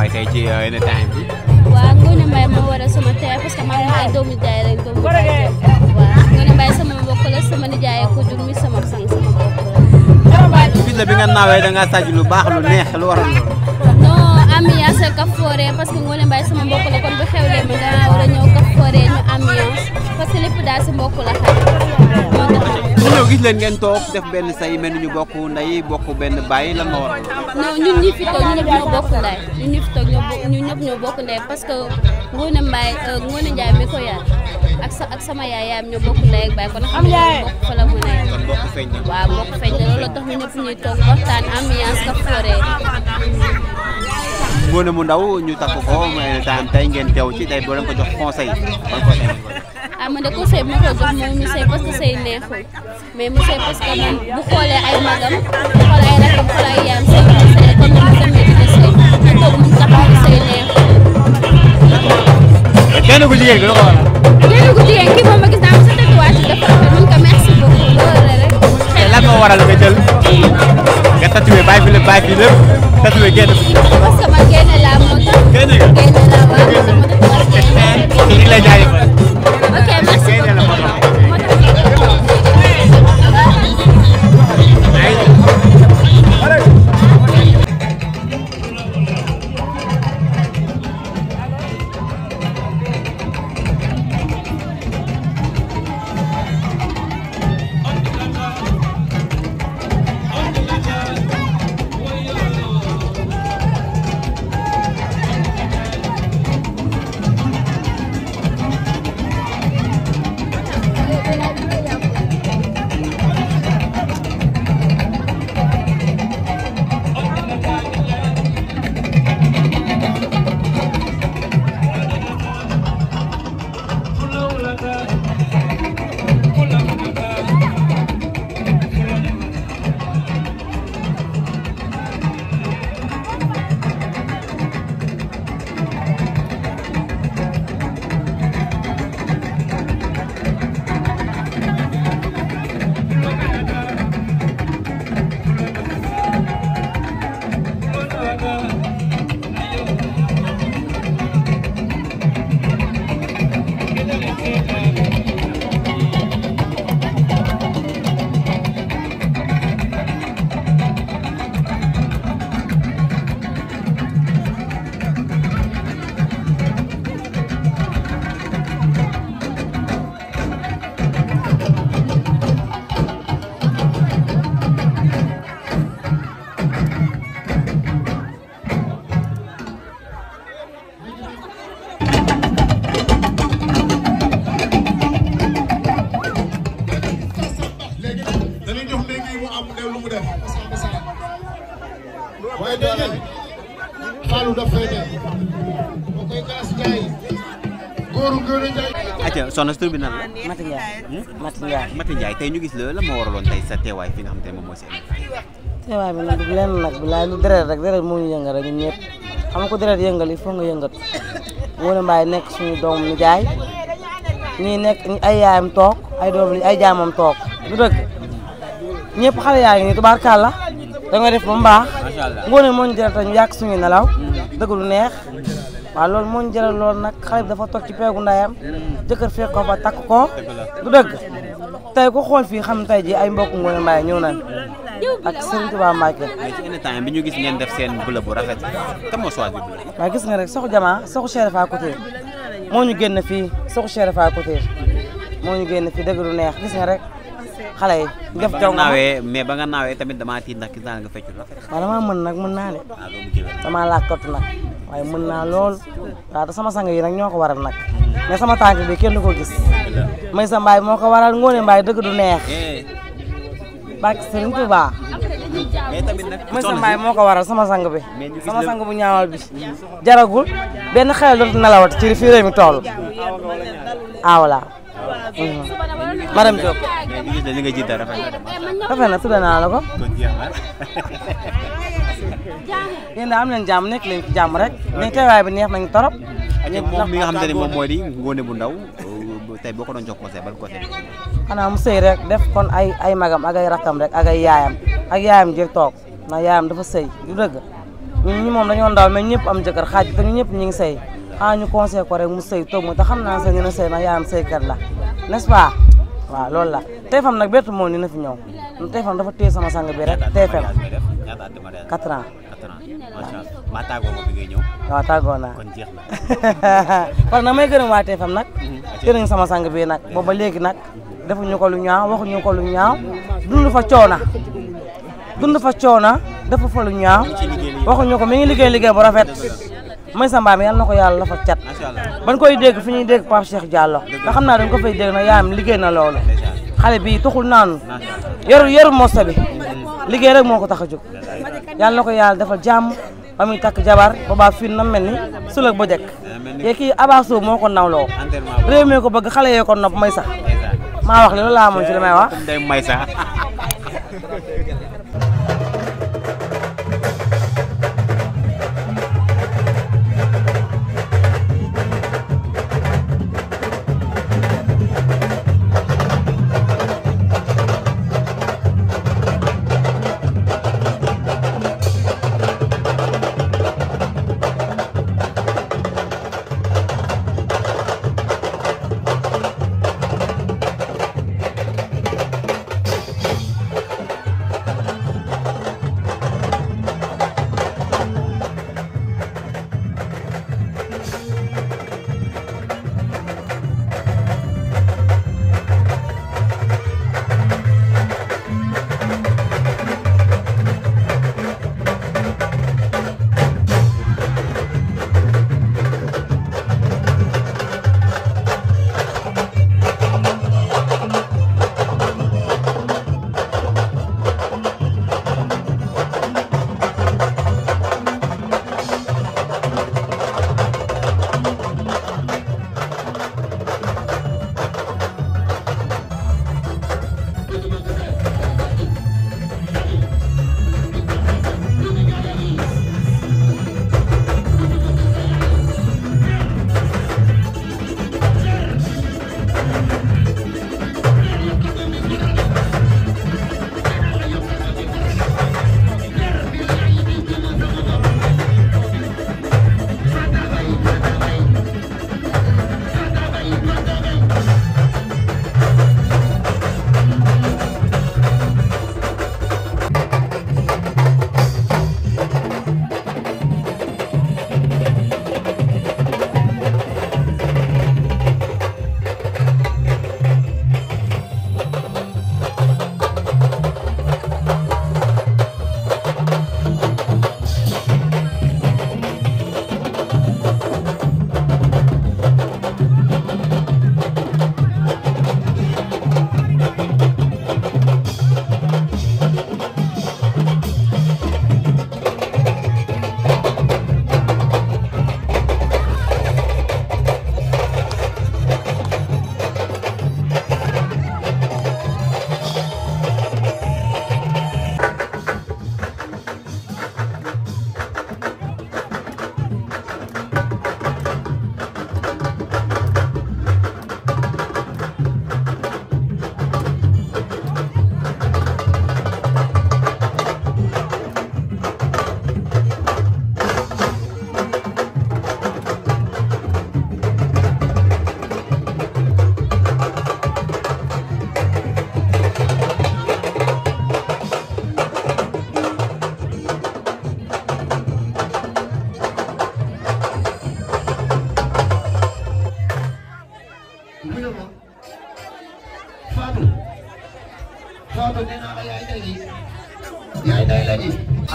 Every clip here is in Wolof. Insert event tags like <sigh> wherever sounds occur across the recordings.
taxawaay tey ci uh, yenn temps bi. waaw Ngoné Mbaye man maay doomu jaay rek doomu jaay waaw Ngoné Mbaye sama mbokk la sama nijaay ko jur mi sama sang sama mbokk. la bi nga naawee da nga lu baax lu neex lu waroon loolu. non ambiance ka fooree parce que Ngoné Mbaye mbokk la kon bu xewlee ma nga war a ñëw ka fooree ñu ambiance. parce que lépp daal si mbokk la xaj moo ñëw gis leen ngeen toog def benn say mel ni ñu bokk ndey bokk benn baay lan moo waral. non ñun fi toog ñu ñëpp ñu bokk ndey parce que Ngoné euh, sa ak sama mu ne. ñu ñëpp ndaw ñu takk ko mooy daan tey ngeen teew ci tey boo leen ko jox conseil ban conseil amande ah, ko sey bu ma ko jox moom ñu sey parce que sey neexul mais mu sey parce que man bu xoolee ay magam bu xool ay rakam xool ay yaam sey mu sey comme mu demee sey te toog mu taxaw bi sey neexul. kenn ku jigéen bi la ko waral. kenn ku jigéen kii moom ma gis naa am sa tatouage dafa rafet mun ko merci beaucoup loolu rek. lan moo waral nga jël. tatoué bàyyi fi lépp bàyyi fi lépp tatoué génn. parce que man génn laa moo tax. génn nga génn laa waaw sama dëkk lay jaay. ok merci. Ndiaye góoru góor Ndiaye. acca soxna si tur bi nan la. Mati Ndiaye Mati Ndiaye. Mati Ndiaye tey ñu gis la la moo waraloon tey sa teewaay fi nga xam te moom moo si teewaay bi nag lenn nag bilaay lu deret rek deret moo ñu yëngal rek ñun ñëpp xam ko deret yëngal il faut nga yëngat Ngoné Mbaye nekk suñu doom ni jaay ñii nekk ay yaayam toog ay doom ay jaamam toog lu dëgg ñëpp xale yaa ngi nii tubaarkàlla da nga def ba mu baax Ngoné moo ñu deret ñu yàq suñu nelaw mm. dëgg lu neex waaw loolu moo ñu jëral loolu nag xale bi dafa toog ci peegu jëkkër fekk ko fa takk ko du dëgg tey ku xool fii xam tey ji ay mbokk Ngoné Mbaye ñëw nañ ak Serigne Touba Mbacké mais ci temps bi ñu gis ngeen def seen bleu bu rafet te moo choix bi waaw gis nga rek soxu jama soxu Chérifa Couture moo ñu génn fii soxu Chérifa moo ñu génn fii dëgg du neex gis nga rek xale yi def jaw nga mais ba nga naawee tamit damaa tiit ndax gis naa nga feccu rafet waaw damaa mën nag mën naa de ah, damaa làkkatu nag waaye mën naa lool waaw te sama sang yi nag ñoo ko waral nag mais sama tànk bi kenn du ko gis may sa mbaay moo ko waral ngoone mbaay dëgg du neex bàkki Sëriñ Tuubaa may sa moo ko waral sama sang bi sama sang bu ñaawal bi jaragul benn xel dootu nelawat ci fii réew mi toll ah voilà na rafet naa la ko <laughs> yéen daal am leen jàmm nekk leen ci jàmm rek. mais teewaay bi neex nañ torop. ñëpp moom mi nga xamante ne moom di ngóone bu ndaw. Euh, tey boo ko doon jox conseil ban conseil. xanaa mu sëy rek def kon ay ay magam ak ay rakam rek ak ay yaayam ak yaayam jël toog na yaayam dafa sëy du dëgg ñun ñi moom dañoo ndaw mais ñëpp am jëkkër xaaj te ñëpp ñu ngi sey xanaa ñu conseil ko rek mu sëy toog mu te xam naa sax dina sëy na yaayam sëykat la n'est-ce pas. waaw loolu la teefam nag bett moo ni na fi ñëw TFM dafa téye sama sang bi rek TFM quatre ans maa tàggoo ma bi ngay ñëw waaw naa kon jeex na <laughs> kon nag may gërëm waa TFM nag mhm. gërëm sama sang bi nag booba léegi nag defuñu ko lu ñaaw waxuñu ko lu ñaaw dund fa coona dund fa coona defu fa lu ñaaw waxuñu ko mi ngi liggéey liggéey bu rafet mooy sa mbaam yàlla na ko yàlla la fa cat ban koy dégg fi ñuy dégg Pape Cheikh Diallo nga xam naa dañ ko fay dégg na yaam liggéey na loolo xale bi taxul naanu yoru yoru mosta bi mm-hmm. liggéey rek moo ko tax a jóg yàlla na ko yàlla defal jàmm ba muy takk jabar boobaa fii na mel ni su la ba jëkk yee eh, kii abaso moo ko nawloo réew mi ko bëgg xale yee ko nopp may sax maa wax li loolu laa amoon ci may wax eh, <laughs>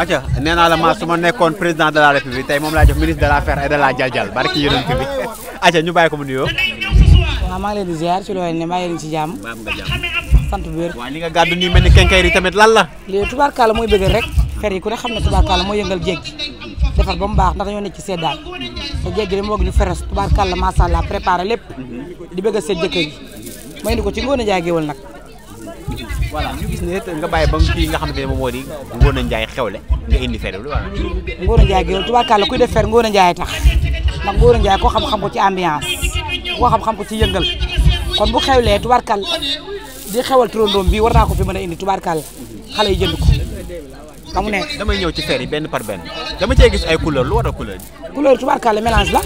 acca neenaa la ma nekkoon président de la république tey moom laa jox ministre de l'affaire et de la jaljal barki yonent bi acca ñu bàyyi ko mu nuyoo. waaw maa ngi leen di ziar ci nga jàmm sant li nga gàddu mel ni kenkeer yi tamit lan la. lii tubaarkaala mooy bëggal rek fer yi ku ne xam ne tubaarkaala mooy yëngal jéeg defar ba mu baax ndax dañoo nekk ci seddaay te jéeg gi dama bëgg ñu feres tubaarkaala macha allah préparé lépp di bëgg a seet jëkkër ji ma indi ko ci ngoon a jaagewal nag voilà ñu gis ne nga bàyyi ba kii nga xamante ne moom moo di Ngóone Njaay xewle nga indi fer lu waral Ngóone Njaay géwél tubaarkàlla kuy de fer Ngóone Njaay tax ndax Ngóone Njaay koo xam-xam ko ci ambiance koo xam-xam ko ci yëngal kon bu xewlee tubaarkàlla di xewal turandoom bi war naa ko fi mën a indi tubaarkàlla xale yi jënd ko ba mu ne damay ñëw ci fer yi benn par benn dama cee gis ay couleur lu war a couleur yi couleur tubaarkàlla mélange la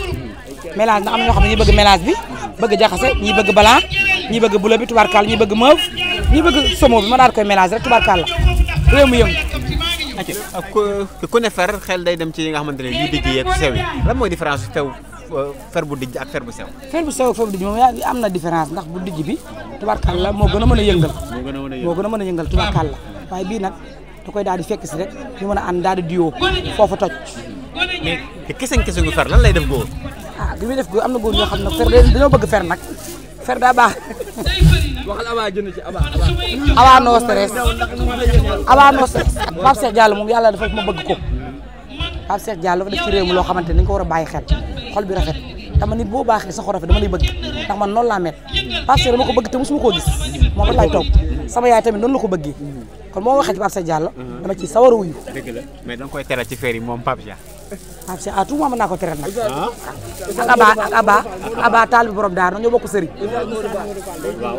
mélange na am na ñoo xam ne ñi bëgg mélange bi bëgg jaxase ñi bëgg blanc ñi bëgg bleu bi tubaarkàlla ñi bëgg mauve ñu bëgg somo bi ma daal koy mélange rek tubaarkàlla réew mi yëngu. ok ne fer xel day dem ci yi nga xamante ne yu dijj yeeg sew yi lan mooy différence su tew euh, fer bu dijj ak fer bu sew. fer bu sew ak fer bu dijj na différence ndax bu dijj bi tubaarkàlla moo gën mën a yëngal. moo gën a mën a yëngal moo gën a mën a yëngal tubaarkàlla waaye bii nag da koy daal di fekk si rek ñu mën a ànd daal di diwoo foofu toj. mais te keseñ keseñ gu fer lan lay def góor. ah bi muy def góor am na góor ñoo xam ne fer dañoo bëgg fer nag fer daa baax <laughs> Abba no stress Abba no stress Pape Cheikh Diallo moom yàlla dafa ma bëgg ko Pape Cheikh Diallo def ci réew mi loo xamante ni nga ko war a bàyyi xel xol bi rafet dama nit boo baaxee sa xol rafet dama lay bëgg ndax man noonu laa mel Pape Cheikh dama ko bëgg te mosuma koo gis moom rek toog sama yaay tamit noonu la ko bëggee kon moo waxee ci Pape Cheikh Diallo dama ci sawar a wuyu. dëgg mais danga koy tere ci feer yi moom Pape a ah, que à tout moment mën naa ko teral nag. Ah. ak Aba ak Aba ak Aba taal bi borom daar ñoo bokk sëriñ.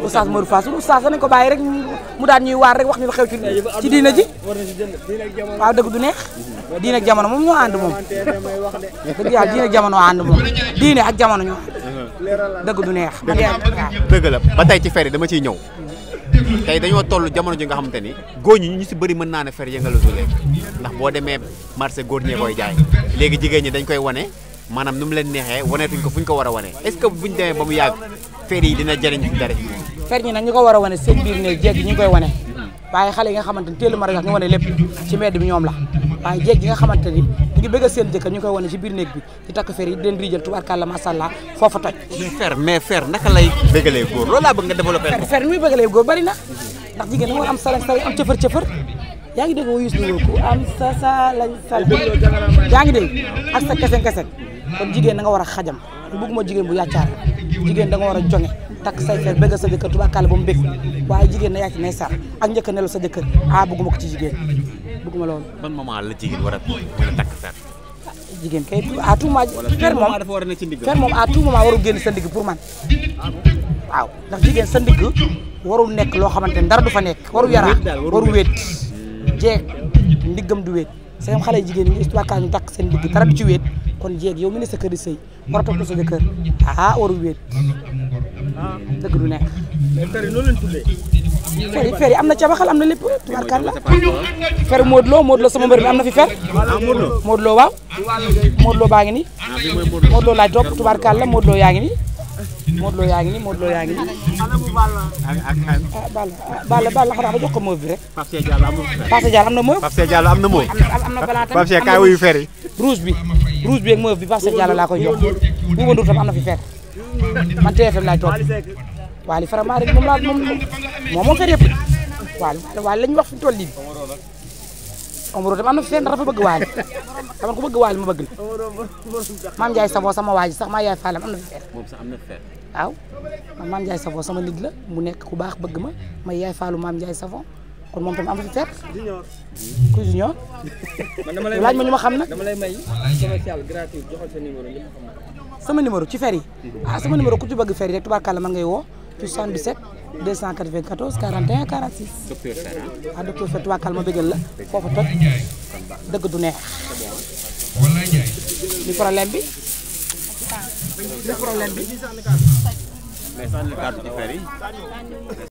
oustaz Modou Fall suñu oustaz nañ ko bàyyi rek mu daan ñuy waar rek wax ñu lu xew ci ci diina ji. waaw dëgg jamono moom ñoo ànd moom. dëgg yàlla diine ak jamono ànd moom diine ak jamono ñoo ànd. dëgg du neex. dëgg la ba tey ci fer yi dama ci ñëw. tey dañoo toll jamono ji nga xamante ni góor ñi ñu si bëri mën naa ne fer yëngal su léegi ndax boo demee marché góor ñee koy jaay léegi jigéen ñi dañ koy wane maanaam nu mu leen neexee waneetuñ ko fu ñu ko war a wane est-ce que buñ demee ba mu yàgg fer yi dina jëriñ ci dara fer ñi nag ñu a wane seen biir ne jeeg koy wane waaye xale yi nga xamante ni teel a mar a ñu wane lépp ci mbedd bi ñoom la waaye jeeg yi nga xamante ñu ngi seen jëkkër ñu koy wane ci biir néeg bi di takk fer yi di leen riijal tubaarkàlla maasàllaa foofa toj mais fer bëgg nga développé fer muy bëggalee góor bari na ndax jigéen da nga am salañ salañ am cëfër cëfër yaa ngi dégg wuyus ni ku am sa salañ yaa ngi dégg ak sa kesen kesen kon jigéen da nga war a xajam bëgguma jigéen bu yàccaar jigéen da nga war a jonge takk say fer bëgg sa jëkkër tubaarkàlla ba mu bëgg waaye jigéen na yàcc ne sar ak njëkk nelu sa jëkkër a bëgguma ko ci jigéen bëgguma loolu. ban la jigéen a mën a takk fer. jigéen kay à tout fer moom a ne ci ndigg. fer génn sa ndigg man. waaw ndax jigéen sa war warul nekk loo xamante ne dara du fa nekk. warul yara warul wéet jeeg ndiggam du wéet. seen xale jigéen ñi histoire ka ñu takk seen digg dara du ci wéet kon jeeg yow mi ne sa kër di sëy war a topp sa jëkkër ah waru wéet dëgg du nekk. fer yi noonu leen tuddee. fer am na cabaxal am na lépp tubaarkàlla. fer Modou Lo Modou Lo mi am na fi fer. ah Modou waaw. Modou baa ngi nii. Modou Lo laay topp tubaarkàlla Modou Lo yaa ngi nii. Modou Lo yaa ngi nii Modou Lo yaa ngi nii. a ak xayma. Ah, ah Balla Balla Balla xanaa ba jox ko moof bi rek. Pape Cheikh am na moof. Pape Cheikh Diallo am na moof. Pape Cheikh Diallo am na moof. bi rouge bi ak moof bi Pape Cheikh Diallo laa koy jox. Bouba Ndour tam am na fi fer. man TFM laay toog waaye li faram-baaram moom laa moom moom moo koy def waaye wax fi mu Omaro tam am na fi fenn dafa bëgg waali dama bëgg waali ma bëgg la maam Ndiaye sama waa ji sax maa yaay Fallam am na fi fenn. moom sax sama nit la mu nekk ku baax bëgg ma may yaay Fallu maam Ndiaye Savon kon moom tam am na fi fenn. ma ñu ma xam nag. dama lay may sa numéro sama numéro ci fer yi. ah sama numéro ku ci bëgg fer yi rek tubaarkàlla man ngay woo. plus 77 294 41 46. docteur Fera ah docteur Fera waa Kalma bëggal la foofu toj dëgg du neex. li problème bi. li problème bi.